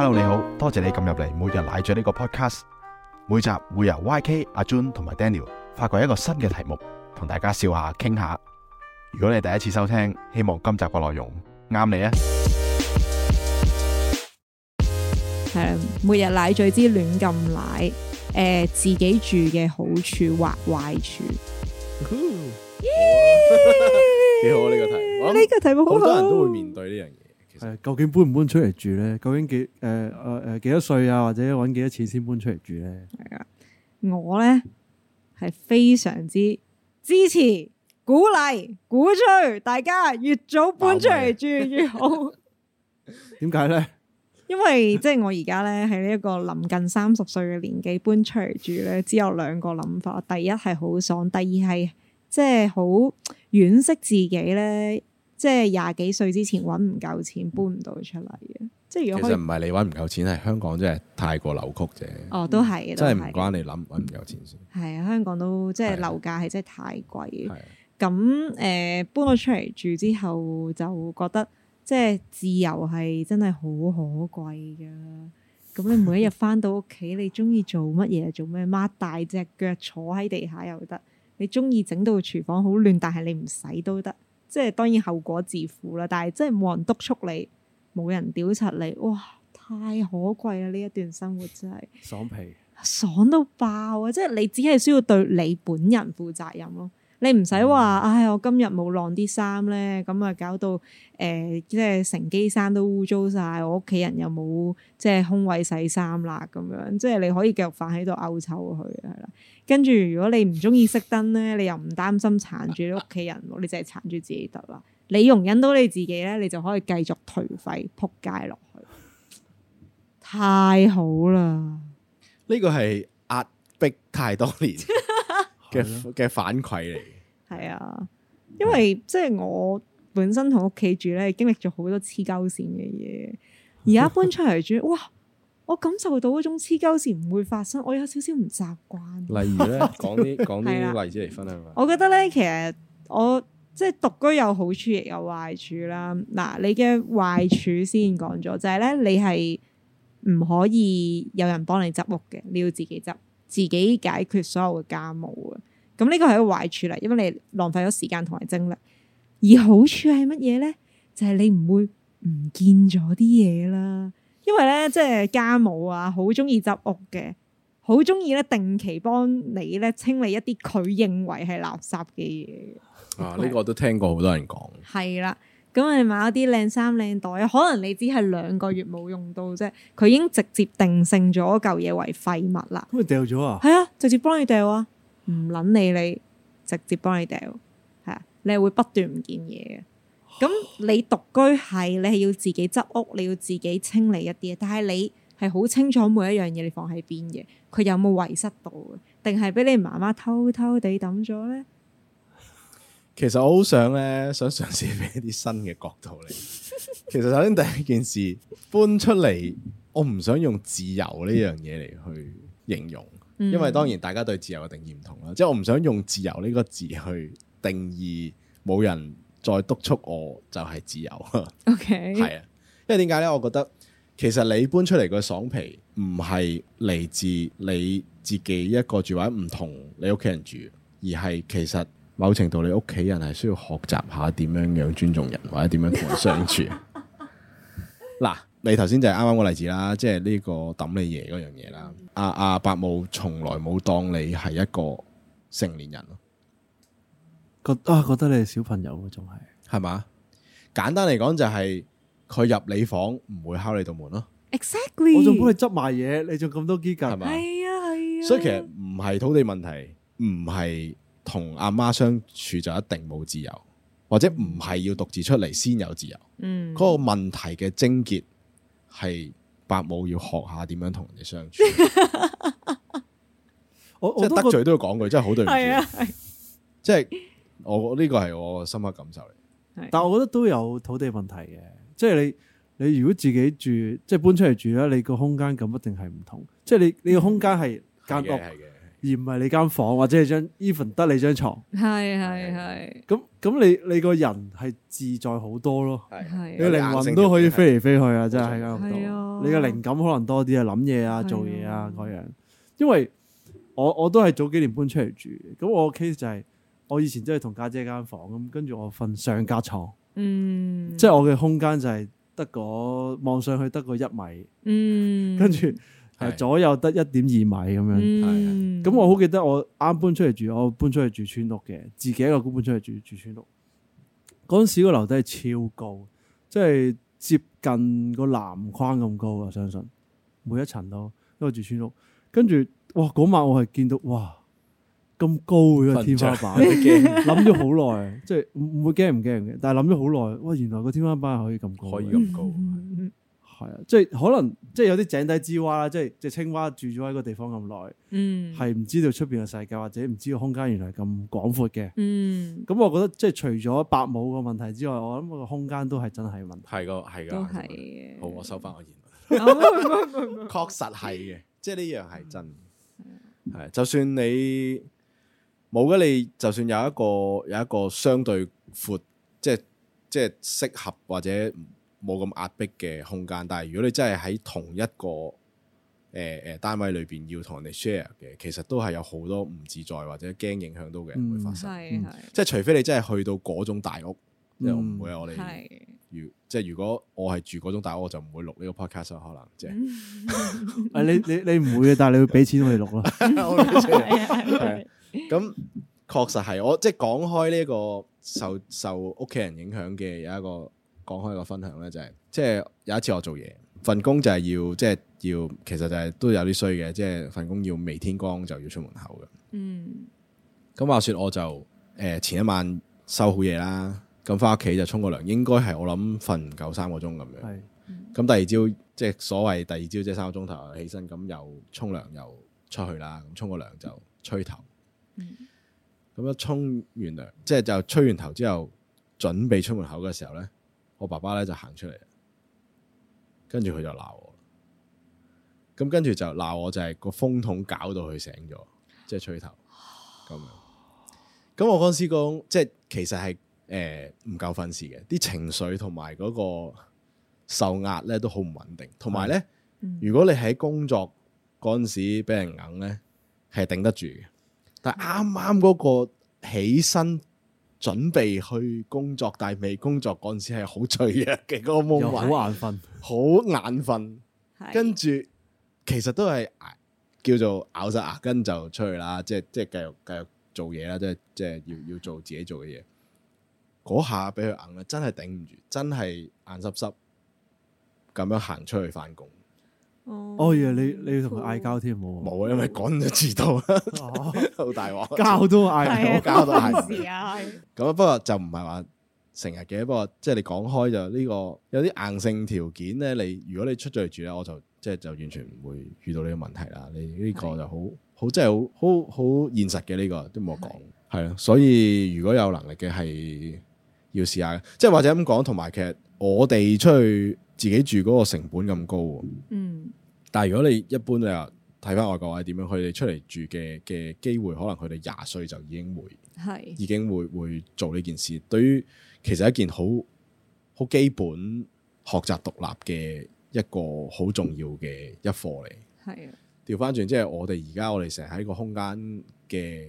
Hello，你好，多謝你咁入嚟，每日奶嘴呢個 podcast，每集會由 YK、阿 Jun 同埋 Daniel 發掘一個新嘅題目，同大家笑下、傾下。如果你第一次收聽，希望今集嘅內容啱你啊！係每日奶嘴之亂咁奶，誒、呃，自己住嘅好處或壞處，幾哇 Yeah! 好啊，呢個題目？呢個題目好 Yeah! 多人都會面對呢樣。究竟搬唔搬出嚟住呢？究竟幾誒誒誒幾多歲啊？或者揾幾多錢先搬出嚟住呢？係啊，我呢，係非常之支持、鼓勵、鼓吹大家越早搬出嚟住越好。點解 呢？因為即係、就是、我而家呢，喺呢一個臨近三十歲嘅年紀搬出嚟住呢，只有兩個諗法：第一係好爽，第二係即係好惋惜自己呢。即係廿幾歲之前搵唔夠錢搬唔到出嚟嘅，即係如果其實唔係你搵唔夠錢，係香港真係太過扭曲啫。哦，都係，即係唔關你諗搵唔夠錢先。係啊，香港都即係樓價係真係太貴。係啊。咁誒，搬咗出嚟住之後，就覺得即係自由係真係好可貴嘅。咁你每一日返到屋企，你中意做乜嘢做咩？擘大隻腳坐喺地下又得，你中意整到廚房好亂，但係你唔洗都得。即係當然後果自負啦，但係真係冇人督促你，冇人屌柒你，哇！太可貴啦，呢一段生活真係爽皮，爽到爆啊！即係你只係需要對你本人負責任囉。你唔使話，唉、哎！我今日冇晾啲衫咧，咁啊搞到誒、呃，即係成機衫都污糟晒。我屋企人又冇即係空位洗衫啦，咁樣即係你可以繼續瞓喺度嘔臭佢係啦。跟住如果你唔中意熄燈咧，你又唔擔心殘住你屋企人， 你淨係殘住自己得啦。你容忍到你自己咧，你就可以繼續頹廢撲街落去。太好啦！呢個係壓迫太多年嘅嘅 反饋嚟。係啊，因為即係我本身同屋企住咧，經歷咗好多黐鳩線嘅嘢。而家搬出嚟住， 哇！我感受到嗰種黐鳩線唔會發生，我有少少唔習慣。例如咧，講啲 講啲例子嚟分享啊嘛。我覺得咧，其實我即係獨居有好處亦有壞處啦。嗱，你嘅壞處先講咗，就係咧，你係唔可以有人幫你執屋嘅，你要自己執，自己解決所有嘅家務啊。咁呢個係一個壞處啦，因為你浪費咗時間同埋精力。而好處係乜嘢咧？就係你唔會唔見咗啲嘢啦。因為咧，即係家務啊，好中意執屋嘅，好中意咧定期幫你咧清理一啲佢認為係垃圾嘅嘢。啊，呢個都聽過好多人講。係啦，咁你買一啲靚衫靚袋，可能你只係兩個月冇用到啫，佢已經直接定性咗嚿嘢為廢物啦。咁咪掉咗啊？係啊，直接幫你掉啊！唔撚理你，直接幫你掉，係啊，你係會不斷唔見嘢嘅。咁你獨居係你係要自己執屋，你要自己清理一啲嘢。但係你係好清楚每一樣嘢你放喺邊嘅，佢有冇遺失到嘅，定係俾你媽媽偷偷地抌咗呢？其實我好想咧，想嘗試俾一啲新嘅角度嚟。其實首先第一件事搬出嚟，我唔想用自由呢樣嘢嚟去形容。因為當然大家對自由嘅定義唔同啦，即係我唔想用自由呢個字去定義冇人再督促我就係自由。OK，係啊，因為點解呢？我覺得其實你搬出嚟個爽皮唔係嚟自你自己一個住或者唔同你屋企人住，而係其實某程度你屋企人係需要學習下點樣樣尊重人或者點樣同人相處。 你頭先就係啱啱個例子啦，即係呢個抌你爺嗰樣嘢啦。阿、啊、阿、啊、伯母從來冇當你係一個成年人，覺得、啊、覺得你係小朋友仲係，係嘛？簡單嚟講就係佢入你房唔會敲你道門咯。Exactly，我仲幫你執埋嘢，你做咁多機夾，係嘛？係啊係啊。哎、所以其實唔係土地問題，唔係同阿媽相處就一定冇自由，或者唔係要獨自出嚟先有自由。嗯，嗰個問題嘅症結。係八母要學下點樣同人哋相處， 我即係得罪都要講句，真係好對唔住。即係我呢個係我深刻感受嚟。但係我覺得都有土地問題嘅，即係你你如果自己住，即係搬出嚟住咧，你個空間感一定係唔同。嗯、即係你你個空間係間屋。而唔係你間房或者你張 even 得你張床。係係係。咁咁你你個人係自在好多咯，係。你個靈魂都可以飛嚟飛去啊！真係喺間屋度，你嘅靈感可能多啲啊，諗嘢啊，做嘢啊嗰樣。因為我我都係早幾年搬出嚟住，咁我 case 就係我以前真係同家姐間房，咁跟住我瞓上架床。嗯，即係我嘅空間就係得個望上去得個一米，嗯，跟住。係左右得一點二米咁樣，咁、嗯、我好記得我啱搬出嚟住，我搬出嚟住村屋嘅，自己一個搬出嚟住住村屋。嗰陣時個樓底係超高，即係接近個籃框咁高啊！相信每一層都，因為住村屋。跟住，哇！嗰晚我係見到哇咁高嘅天花板，驚著！諗咗好耐， 即係唔會驚唔驚嘅，但係諗咗好耐，哇！原來個天花板可以咁高，可以咁高。嗯係啊，即係可能，即係有啲井底之蛙啦，即係隻青蛙住咗喺個地方咁耐，嗯，係唔知道出邊嘅世界，或者唔知道空間原來咁廣闊嘅，嗯，咁我覺得即係除咗百母個問題之外，我諗個空間都係真係問題，係噶，係噶，都係，嗯、好，我收翻我言論，確、哦嗯嗯嗯、 實係嘅，即係呢樣係真，係、嗯嗯，就算你冇嘅你，就算有一個有一個，有一個相對闊，即係即係適合或者。冇咁壓迫嘅空間，但係如果你真係喺同一個誒誒單位裏邊要同人哋 share 嘅，其實都係有好多唔自在或者驚影響到嘅，會發生。即係除非你真係去到嗰種大屋，即係唔會。我哋如即係如果我係住嗰種大屋，我就唔會錄呢個 podcast 可能即誒，你你你唔會嘅，但係你要俾錢我哋錄咯。咁確實係，我即係講開呢一個受受屋企人影響嘅有一個。講開個分享咧，就係、是、即係有一次我做嘢，份工就係要即係要，其實就係都有啲衰嘅。即係份工要未天光就要出門口嘅。嗯，咁話說我就誒、呃、前一晚收好嘢啦，咁返屋企就沖個涼，應該係我諗瞓唔夠三個鐘咁樣。係咁是第二朝，即係所謂第二朝，即、就、係、是、三個鐘頭起身，咁又沖涼又出去啦。咁沖個涼就吹頭，咁樣、嗯、沖完涼，即、就、係、是、就吹完頭之後，準備出門口嘅時候咧。我爸爸咧就行出嚟，跟住佢就鬧我，咁跟住就鬧我就係個風筒搞到佢醒咗，即係吹頭咁。咁我嗰時講，即係其實係誒唔夠瞓時嘅，啲情緒同埋嗰個受壓咧都好唔穩定，同埋咧，嗯、如果你喺工作嗰陣、嗯、時俾人硬咧，係頂得住嘅，但係啱啱嗰個起身。準備去工作，但係未工作嗰陣時係好脆弱嘅，嗰個夢又好眼瞓，好眼瞓，跟住其實都係叫做咬實牙根就出去啦，即係即係繼續繼續做嘢啦，即係即係要要做自己做嘅嘢。嗰下俾佢硬咧，真係頂唔住，真係眼濕濕咁樣行出去返工。哦，哦呀，你你要同佢嗌交添冇？冇啊，因為趕咗遲到好大鑊， 糕交都嗌唔的的交都閒事啊。咁不過就唔係話成日嘅，不過即係你講開就呢、是這個有啲硬性條件咧。你如果你出咗嚟住咧，我就即係就是、完全唔會遇到呢個問題啦。的你呢個就好好即係好好現實嘅呢、這個都冇講，係啊的的，所以如果有能力嘅係要試下，即、就、係、是、或者咁講，同埋其實我哋出去。自己住嗰個成本咁高喎，嗯，但係如果你一般你話睇翻外國話點樣，佢哋出嚟住嘅嘅機會，可能佢哋廿歲就已經會，係是已經會會做呢件事。對於其實一件好好基本學習獨立嘅一個好重要嘅一課嚟，係啊的。調翻轉即係我哋而家我哋成日喺個空間嘅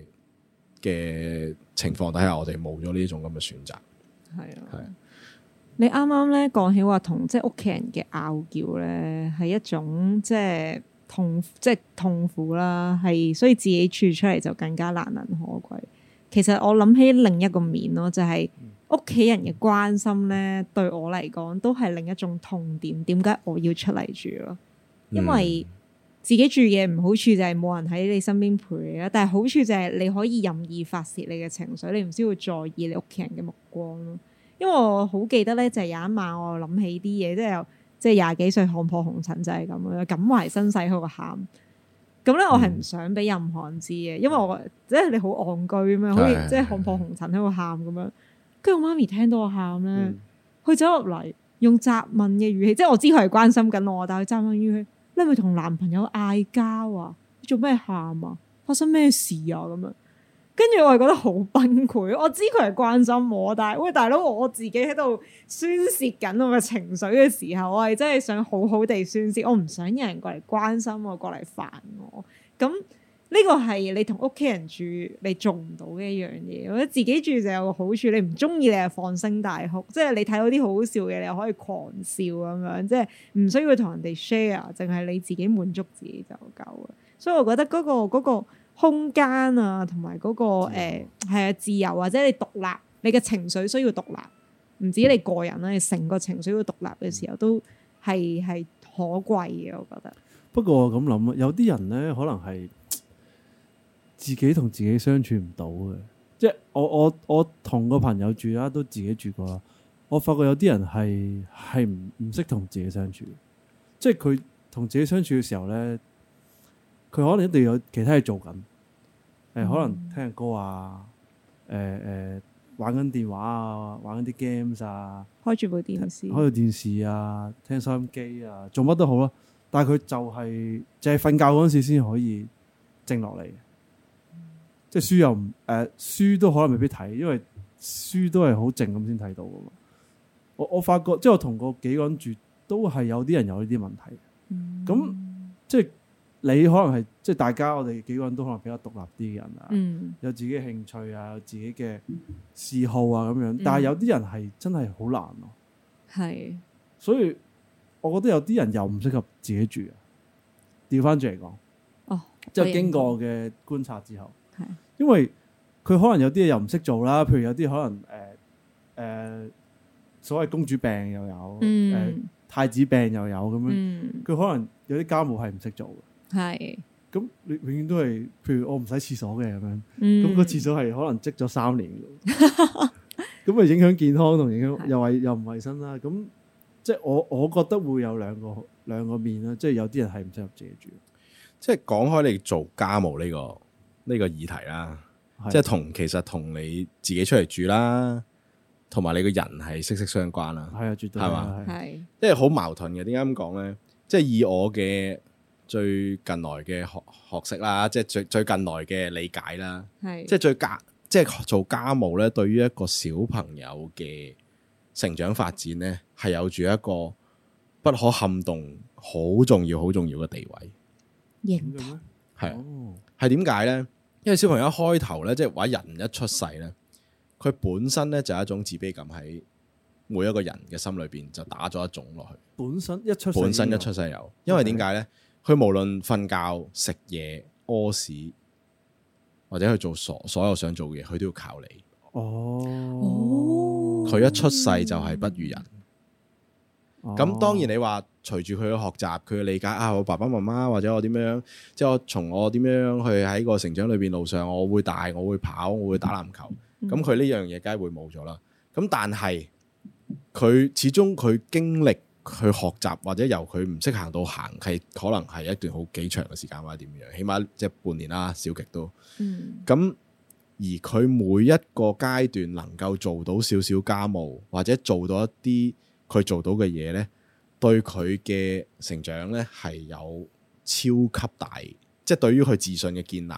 嘅情況底下，我哋冇咗呢種咁嘅選擇，係啊的，係。你啱啱咧講起話同即係屋企人嘅拗撬咧，係一種即係痛即係痛苦啦，係所以自己住出嚟就更加難能可貴。其實我諗起另一個面咯，就係屋企人嘅關心咧，對我嚟講都係另一種痛點。點解我要出嚟住咯？因為自己住嘅唔好處就係冇人喺你身邊陪你啦，但係好處就係你可以任意發泄你嘅情緒，你唔需要在意你屋企人嘅目光咯。因為我好記得咧，就係有一晚我諗起啲嘢，即係又即係廿幾歲看破紅塵就係咁樣，感懷身世喺度喊。咁咧我係唔想俾任何人知嘅，嗯、因為我即係你唉好戇居啊嘛，好似即係看破紅塵喺度喊咁樣。跟住唉我媽咪聽到我喊咧，佢、嗯、走入嚟用責問嘅語氣，即係我知佢係關心緊我，但佢責問語氣：你係咪同男朋友嗌交啊？你做咩喊啊？發生咩事啊？咁樣。跟住我係覺得好崩潰，我知佢係關心我，但係喂大佬，我自己喺度宣洩緊我嘅情緒嘅時候，我係真係想好好地宣洩，我唔想有人過嚟關心我，過嚟煩我。咁呢個係你同屋企人住，你做唔到嘅一樣嘢。我覺得自己住就有個好處，你唔中意你係放聲大哭，即係你睇到啲好笑嘅，你又可以狂笑咁樣，即係唔需要同人哋 share，淨係你自己滿足自己就夠啦。所以我覺得嗰個嗰個，那個空間啊，同埋嗰個誒、呃、啊自由啊，或者你獨立，你嘅情緒需要獨立，唔止你個人啦，你成個情緒要獨立嘅時候，嗯、都係係可貴嘅。我覺得。不過我咁諗啊，有啲人呢，可能係自己同自己相處唔到嘅，即係我我我同個朋友住啦，都自己住過啦。我發覺有啲人係係唔唔識同自己相處，即係佢同自己相處嘅時候呢，佢可能一定有其他嘢做緊。誒，嗯、可能聽歌啊，誒、呃、誒、呃，玩緊電話啊，玩緊啲 games 啊，開住部電視，開住電視啊，聽收音機啊，做乜都好啦，但係佢就係淨係瞓覺嗰陣時先可以靜落嚟嘅。嗯、即係書又唔誒、呃、書都可能未必睇，因為書都係好靜咁先睇到嘅。我我發覺即係我同過幾個人住，都係有啲人有呢啲問題。咁、嗯、即係你可能係。即係大家，我哋幾個人都可能比較獨立啲嘅人啊，嗯、有自己嘅興趣啊，有自己嘅嗜好啊咁樣。嗯、但係有啲人係真係好難咯、啊。係是，所以我覺得有啲人又唔適合自己住啊。調翻轉嚟講，哦，即係經，經過嘅觀察之後，係是，因為佢可能有啲嘢又唔識做啦、啊。譬如有啲可能誒誒、呃呃，所謂公主病又有，誒、嗯呃、太子病又有咁樣。佢、嗯、可能有啲家務係唔識做嘅，係的。是咁你永遠都係，譬如我唔使廁所嘅咁樣，咁、嗯、個廁所係可能積咗三年，咁咪 影響健康同影響是的 又係又唔衞生啦。咁即係我我覺得會有兩個兩個面啦，即、就、係、是、有啲人係唔適合自己住。即係講開你做家務呢、這個呢、這個議題啦，是的 即係同其實同你自己出嚟住啦，同埋你個人係息息相關啦，係啊，絕對係嘛吧，係，即係好矛盾嘅。點解咁講咧？即係以我嘅。最近來嘅學學識啦，即係最最近來嘅理解啦，的即係最家即係做家務咧，對於一個小朋友嘅成長發展咧，係有住一個不可撼動、好重要、好重要嘅地位。認同係，係點解咧？因為小朋友一開頭咧，即係話人一出世咧，佢本身咧就有一種自卑感喺每一個人嘅心裏邊就打咗一種落去。本身一出本身一出世有，因為點解咧？佢無論瞓覺、食嘢、屙屎，或者去做所所有想做嘅嘢，佢都要靠你。哦，佢一出世就係不如人。咁、哦、當然你話隨住佢嘅學習，佢嘅理解啊，我爸爸媽媽或者我點樣，即係我從我點樣去喺個成長裏邊路上，我會大，我會跑，我會打籃球。咁佢呢樣嘢梗係會冇咗啦。咁但係佢始終佢經歷。去學習或者由佢唔識行到行，係可能係一段好幾長嘅時間或者點樣，起碼即係半年啦，少極都。咁、嗯、而佢每一個階段能夠做到少少家務，或者做到一啲佢做到嘅嘢，呢對佢嘅成長呢係有超級大，即係對於佢自信嘅建立，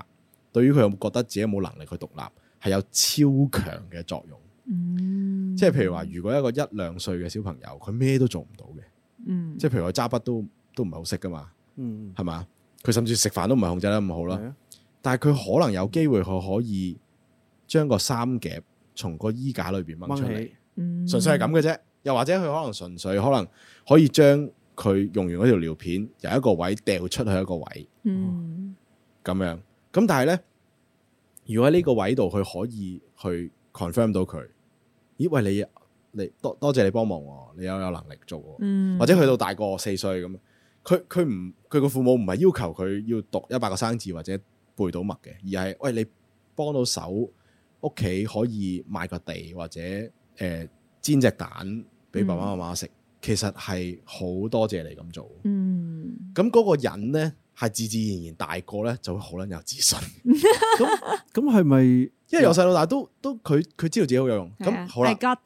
對於佢有冇覺得自己冇能力去獨立，係有超強嘅作用。嗯嗯，即係譬如話，如果一個一兩歲嘅小朋友，佢咩都做唔到嘅，嗯，即係譬如佢揸筆都都唔係好識噶嘛，嗯，係嘛，佢甚至食飯都唔係控制得咁好啦，嗯、但係佢可能有機會佢可以將個衫夾從個衣架裏邊掹出嚟，純、嗯、粹係咁嘅啫，又或者佢可能純粹可能可以將佢用完嗰條尿片由一個位掉出去一個位，嗯，咁、嗯嗯、樣，咁但係呢，如果喺呢個位度佢可以去 confirm 到佢。咦？喂，你你多多謝你幫忙喎，你有有能力做，嗯、或者去到大個四歲咁，佢佢唔佢個父母唔係要求佢要讀一百個生字或者背到默嘅，而係喂你幫到手，屋企可以買個地或者誒、呃、煎隻蛋俾爸爸媽媽食，嗯、其實係好多謝你咁做。嗯，咁嗰個人呢，係自自然然大個呢就會好叻，有自信。咁咁係咪？因為由細到大都都佢佢知道自己好有用咁。的好啦，係啊，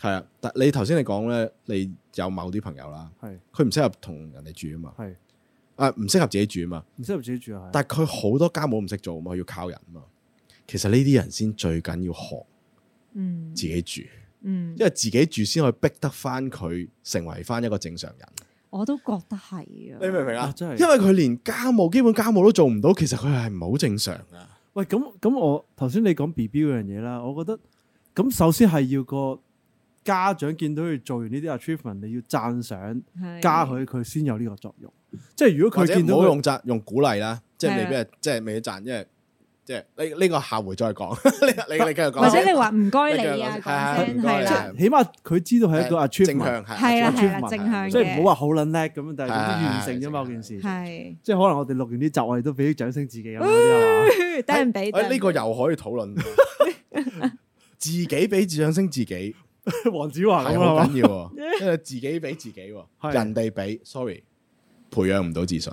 係啊，但你頭先你講咧，你有某啲朋友啦，係佢唔適合同人哋住啊嘛，係的啊，唔適合自己住啊嘛，唔適合自己住啊，但佢好多家務唔識做啊嘛，佢要靠人啊嘛，其實呢啲人先最緊要學，嗯，自己住，嗯，因為自己住先可以逼得翻佢成為翻一個正常人，嗯、常人我都覺得係啊，你明唔明啊？真係，因為佢連家務基本家務都做唔到，其實佢係唔係好正常噶？喂，咁咁我頭先你講 B B 嗰樣嘢啦，我覺得咁首先係要個家長見到佢做完呢啲 achievement，你要讚賞加佢，佢先有呢個作用。即係如果佢見到，或者唔好用讚用鼓勵啦，即係未必係，即係未必贊，因為即係呢呢個下回再講。你你你繼續講。或者你話唔該你啊，咁樣係起碼佢知道係一個 achievement，係啦，係啦，achievement，即係唔好話好撚叻咁，但係完成啫嘛，件事。係。即係可能我哋錄完啲集，我哋都俾啲掌聲自己咁嗰誒，呢、哎哎這個又可以討論， 自己俾自信心，自己。黃 子華係好緊要，即係 自己俾自己，是人哋俾，sorry，培養唔到自信。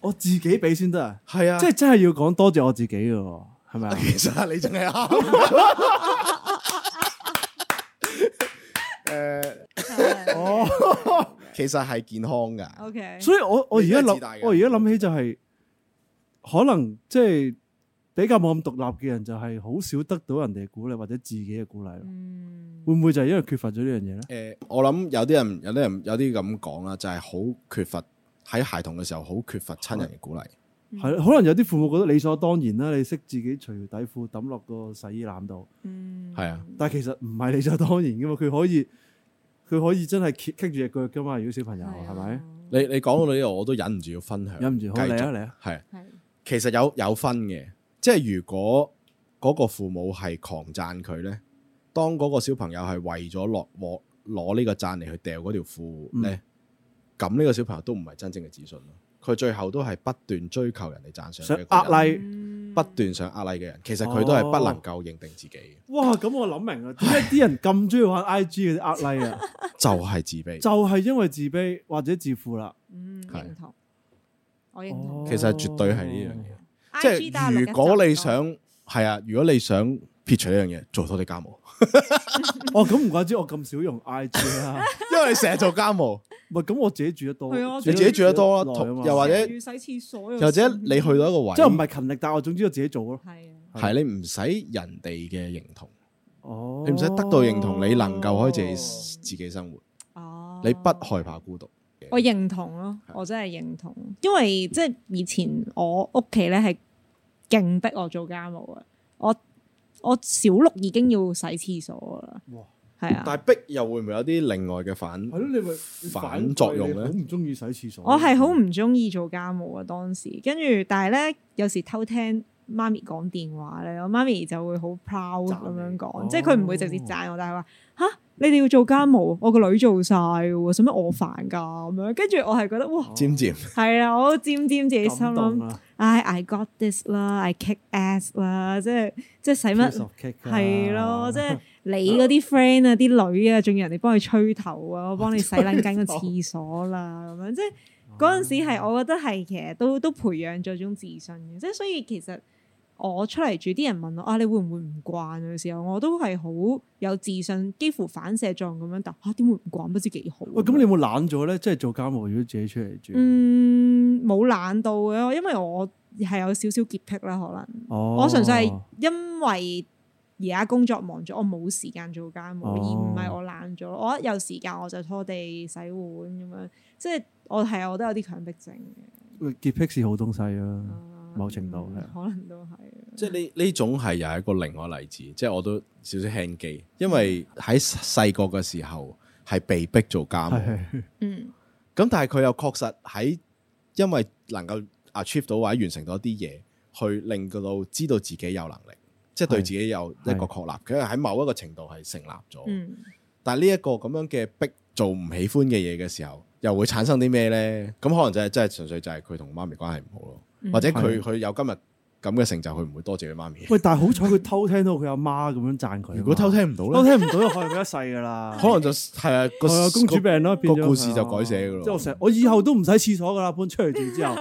我自己俾先得啊，係啊，即係真係要講多謝我自己嘅，係咪啊？其實你真係啱。誒，哦，其實係健康㗎。O Okay . K，所以我我而家諗，我而家諗起就係、是。可能即係比較冇咁獨立嘅人，就係好少得到人哋鼓勵或者自己嘅鼓勵。嗯，會唔會就係因為缺乏咗呢樣嘢咧？誒、呃，我諗有啲人，人，人有啲人有啲咁講啦，就係、是、好缺乏喺孩童嘅時候好缺乏親人嘅鼓勵。係可能有啲父母覺得理所當然啦，你識自己除底褲抌落個洗衣籃度。嗯，係啊，但係其實唔係理所當然噶嘛，佢可以佢可以真係卡住隻腳噶嘛。如果小朋友係咪是、啊吧？你你講到呢度，我都忍唔住要分享， 忍唔住好嚟啊嚟啊，係係。其實有有分嘅，即係如果嗰個父母係狂讚佢，嗯、呢，當嗰個小朋友係為咗落鑊攞呢個讚嚟去掉嗰條褲咧，咁呢個小朋友都唔係真正嘅自信咯。佢最後都係不斷追求人哋讚賞，想呃 like 不斷想呃 like 嘅人，其實佢都係不能夠認定自己，哦。哇！咁我諗明啦，點解啲人咁中意玩 I G 嘅呃 like 啊， 就係自卑，就係因為自卑或者自負啦。嗯，的其實絕對係呢樣嘢，即係如果你想係啊，如果你想撇除呢樣嘢，做多啲家務。哦，咁唔怪之我咁少用 I G 啊，因為你成日做家務。唔係咁，我自己住得多，你自己住得多啦，又或者洗廁所，又或者你去到一個位，即係唔係勤力，但我總之我自己做咯。係你唔使人哋嘅認同，哦，你唔使得到認同，你能夠可以自己自己生活，哦，你不害怕孤獨。我認同咯，我真係認同，因為即係以前我屋企咧係勁逼我做家務啊！我我小六已經要洗廁所啦，係哇啊，但係逼又會唔會有啲另外嘅反、哎、反、反作用咧？好唔中意洗廁所，我係好唔中意做家務啊！當時跟住，但係咧有時偷聽媽咪講電話咧，我媽咪就會好 proud 咁樣講，哦、即係佢唔會直接讚我，但係話嚇。你哋要做家務，我個女做晒喎，使乜我煩㗎咁樣？跟住我係覺得哇，尖尖，係啊，我尖尖自己心諗，唉，I got this 啦，I kick ass 啦，即係即係使乜，係咯，即係你嗰啲 friend 啊，啲女啊，仲要人哋幫佢吹頭啊，我幫你洗撚緊個廁所啦咁樣，即係嗰陣時係我覺得係其實都都培養咗一種自信嘅，即係所以其實。我出嚟住，啲人問我啊，你會唔會唔慣嘅時候，我都係好有自信，幾乎反射狀咁樣答啊，點會唔慣？不知幾好。喂、啊，咁你有冇懶咗咧？即係做家務，如果自己出嚟住？嗯，冇懶到嘅，因為我係有少少潔癖啦，可能。哦、我純粹係因為而家工作忙咗，我冇時間做家務，哦、而唔係我懶咗。我一有時間我就拖地、洗碗咁樣。即係我係我都有啲強迫症嘅。潔癖是好東西啊！某程度，嗯、可能都係。 即係呢，呢種係又一個另外例子，即係我都少少 hang 機因為喺細個嘅時候係被逼做家務。 嗯，咁但係佢又確實喺因為能夠 achieve 到或者完成到一啲嘢，去令到知道自己有能力，是即係對自己有一個確立，佢喺是某一個程度係成立咗。嗯，但係呢一個咁樣嘅逼做唔喜歡嘅嘢嘅時候，又會產生啲咩呢？咁可能就係真係純粹就係佢同媽咪關係唔好咯。或者佢佢有今日咁嘅成就，佢唔會多謝佢媽咪。喂，但係好彩佢偷聽到佢阿媽咁樣讚佢。如果偷聽唔到咧，偷聽唔到又害佢一世噶啦。可能就係啊，個公主病咯，個故事就改寫噶咯。即係我成，我以後都唔使廁所噶啦，搬出嚟住之後，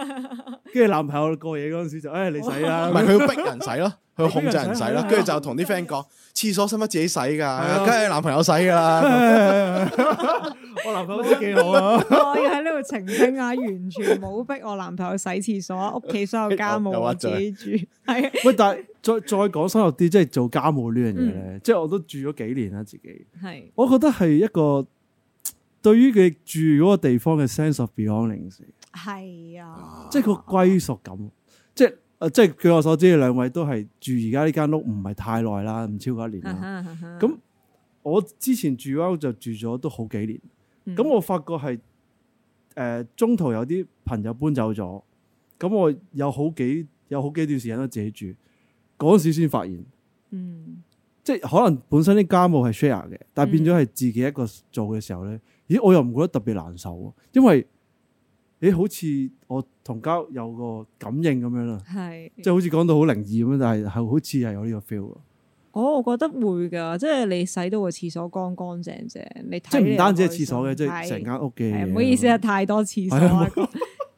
跟住男朋友過夜嗰陣時就，唉，你洗啦。唔係佢要逼人洗咯，佢控制人洗咯，跟住就同啲 friend 講，廁所使乜自己洗㗎，梗係男朋友洗㗎啦。我男朋友都幾好啊。 我要喺呢度澄清下，完全冇逼我男朋友洗廁所、屋企所有家務，自己住係。喂是，但係再再講深入啲，即係做家務呢樣嘢，咧，即係我都住咗幾年啦，自己係。我覺得係一個對於佢住嗰個地方嘅 sense of belonging，係啊，即係個歸屬感。啊、即係誒，即係據我所知，兩位都係住而家呢間屋唔係太耐啦，唔超過一年啦。咁 我之前住屋就住咗都好幾年。咁、嗯、我發覺係誒、呃、中途有啲朋友搬走咗，咁我有好幾有好幾段時間都自己住，嗰陣時先發現，嗯，即係可能本身啲家務係 share 嘅，但係變咗係自己一個做嘅時候咧，嗯、咦我又唔覺得特別難受喎，因為誒好似我同家有個感應咁樣啦，係是即係好似講到好靈異咁樣，但係係好似係有呢個 feel 喎。我覺得會噶，即係你洗到個廁所乾乾淨淨，你睇，即唔單止係廁所嘅，即係成間屋嘅。唔好意思啊，太多廁所。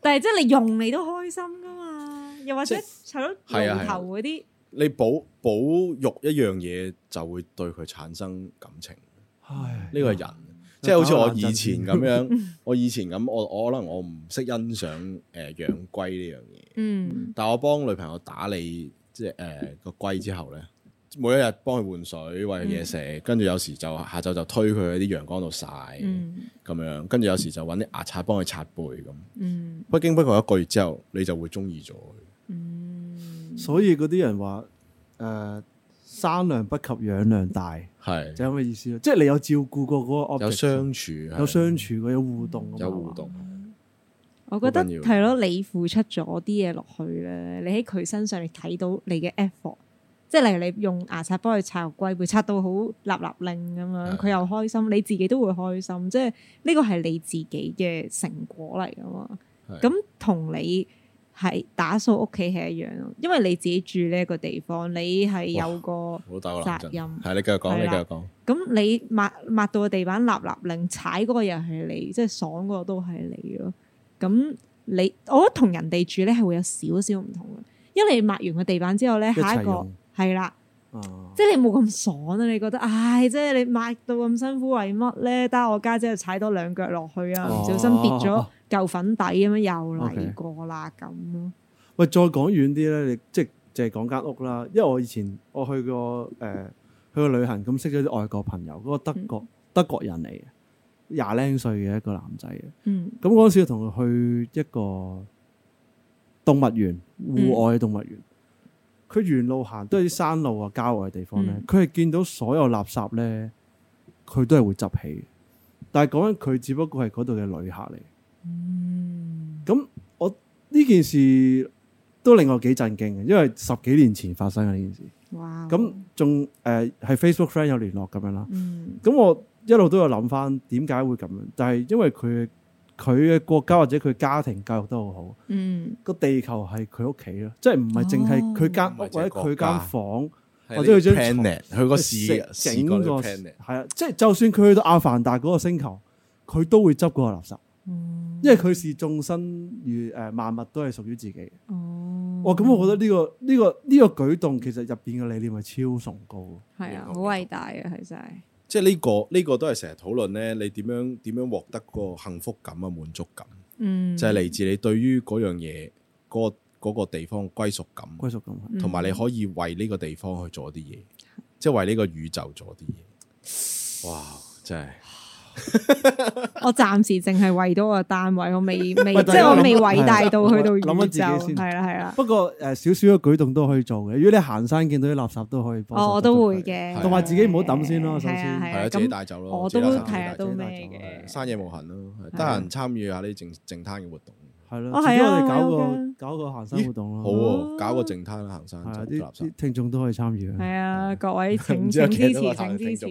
但係即係你用你都開心噶嘛？又或者喺龍頭嗰啲，你保保育一樣嘢就會對佢產生感情。呢個人即係好似我以前咁樣，我以前咁，我我可能我唔識欣賞誒養龜呢樣嘢。嗯，但係我幫女朋友打理即係誒個龜之後咧。每一日幫佢換水、餵佢嘢食，跟住有時就下晝就推佢喺啲陽光度曬，咁樣跟住有時就揾啲牙刷幫佢擦背咁。不經、嗯、不覺一個月之後，你就會中意咗佢。所以嗰啲人話：誒生娘不及養娘大，係是就係咁嘅意思咯。即係你有照顧過嗰個，有相處，有相處，有互動，有互動。我覺得係咯，你付出咗啲嘢落去咧，你喺佢身上面睇到你嘅 effort。即係例如你用牙刷幫佢刷個龜背，刷到好立立令咁樣，佢的又開心，你自己都會開心。即係呢個係你自己嘅成果嚟噶嘛。咁同的你係打掃屋企係一樣咯，因為你自己住呢一個地方，你係有個責任。係你繼續講，你繼續講。咁了你，你抹抹到個地板立立令，踩嗰個又係你，即係爽嗰個都係你咯。咁你我覺得同人哋住咧係會有少少唔同嘅，因為你抹完個地板之後咧下一個。係啦，啊、即係你冇咁爽啊！你覺得唉，即係你買到咁辛苦為乜呢？得我家姐踩多兩腳落去啊，唔小心跌咗嚿粉底咁樣又嚟過啦咁。喂，再講遠啲呢，你即係就係講間屋啦。因為我以前我去過誒、呃、去過旅行咁識咗啲外國朋友，嗰、嗰個德國、嗯、德國人嚟嘅，廿零歲嘅一個男仔咁嗰陣時同佢去一個動物園，戶外嘅動物園。嗯嗯佢沿路行都係啲山路啊，郊外嘅地方咧，佢係、嗯、見到所有垃圾咧，佢都係會執起。但係講緊佢，只不過係嗰度嘅旅客嚟。咁、嗯、我呢件事都令我幾震驚嘅，因為十幾年前發生嘅呢件事。哇、哦！咁、呃、仲誒係 Facebook friend 有聯絡咁樣啦。咁、嗯、我一路都有諗翻點解會咁樣，但係因為佢。佢嘅國家或者佢家庭教育都好好，嗯，個地球係佢屋企咯，即係唔係淨係佢間屋或者佢間房，或者佢張床，佢個市整個市，係啊，即係就算佢去到阿凡達嗰個星球，佢都會執嗰個垃圾，因為佢是眾生與誒萬物都係屬於自己，哦，哇，咁我覺得呢個呢個呢個舉動其實入邊嘅理念係超崇高，係啊，好偉大啊，其實係。即係呢個呢個都係成日討論呢，你點樣點樣獲得個幸福感啊滿足感，嗯、就係嚟自你對於嗰樣嘢，嗰個嗰個地方歸屬感，歸屬感，同埋你可以為呢個地方去做啲嘢，嗯、即係為呢個宇宙做啲嘢，哇，真係。我暫時淨係為到個單位，我未未即係我未偉大到去到宇宙，係啦係啦。不過誒，少少嘅舉動都可以做嘅。如果你行山見到啲垃圾，都可以幫。我都會嘅，同埋自己唔好抌先咯，首先，係啊，自己帶走咯。我都睇啊，都未嘅。山野無痕咯，得閒參與下啲淨淨灘嘅活動，係咯。如果我哋搞個搞個行山活動咯，好哦，搞個淨灘啦，行山啲垃圾，聽眾都可以參與啊。係啊，各位請支持，請支持。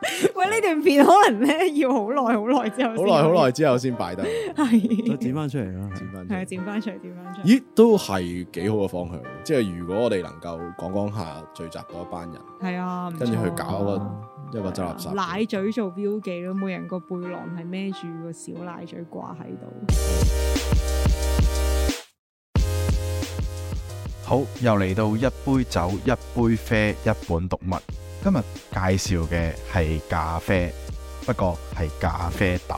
喂，呢段片可能咧要好耐好耐之後，好耐好耐之後先擺得，再 是剪翻出嚟啦，剪翻係啊，剪翻出嚟，剪翻出，嚟，咦，都係幾好嘅方向，即係如果我哋能夠講講下聚集嗰一班人，係啊，跟住去搞個一個執垃，垃圾、啊、奶嘴做標記咯，每人個背囊係孭住個小奶嘴掛喺度。好，又嚟到一杯酒，一杯啡，啡，一本讀物。今日介紹嘅係咖啡，不過係咖啡豆，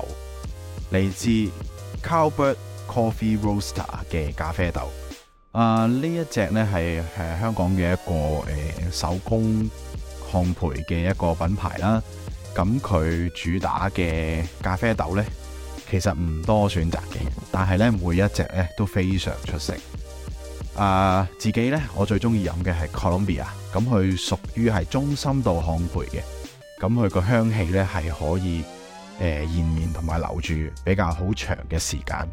嚟自 Calbert Coffee Roaster 嘅咖啡豆。啊、呃，一呢一隻呢係誒香港嘅一個誒、呃、手工烘焙嘅一個品牌啦。咁佢主打嘅咖啡豆呢，其實唔多選擇嘅，但係呢每一隻咧都非常出色。啊，uh, 自己呢，我最中意飲嘅係 Colombia，咁、嗯、佢屬於係中深度烘焙嘅，咁佢個香氣呢，係可以誒、呃、延綿同埋留住比較好長嘅時間，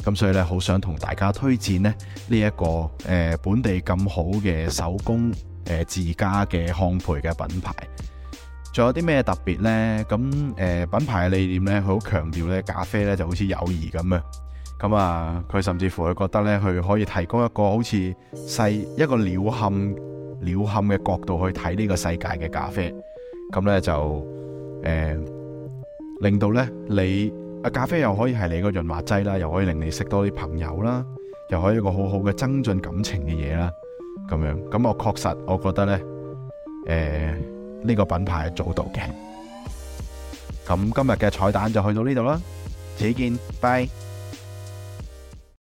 咁、嗯、所以呢，好想同大家推薦呢呢一、這個誒、呃、本地咁好嘅手工誒、呃、自家嘅烘焙嘅品牌，仲有啲咩特別呢？咁、嗯、誒、呃、品牌理念呢，佢好強調呢咖啡呢就好似友誼咁樣！咁啊，佢甚至乎佢覺得呢佢可以提供一個好似細一個鳥瞰鳥瞰嘅角度去睇呢個世界嘅咖啡。咁呢就誒、呃，令到呢，你啊，咖啡又可以係你個潤滑劑啦，又可以令你識多啲朋友啦，又可以一個好好嘅增進感情嘅嘢啦。咁樣咁，我確實我覺得呢，誒、呃、呢、呢個品牌係做到嘅。咁今日嘅彩蛋就去到呢度啦，遲啲見，拜。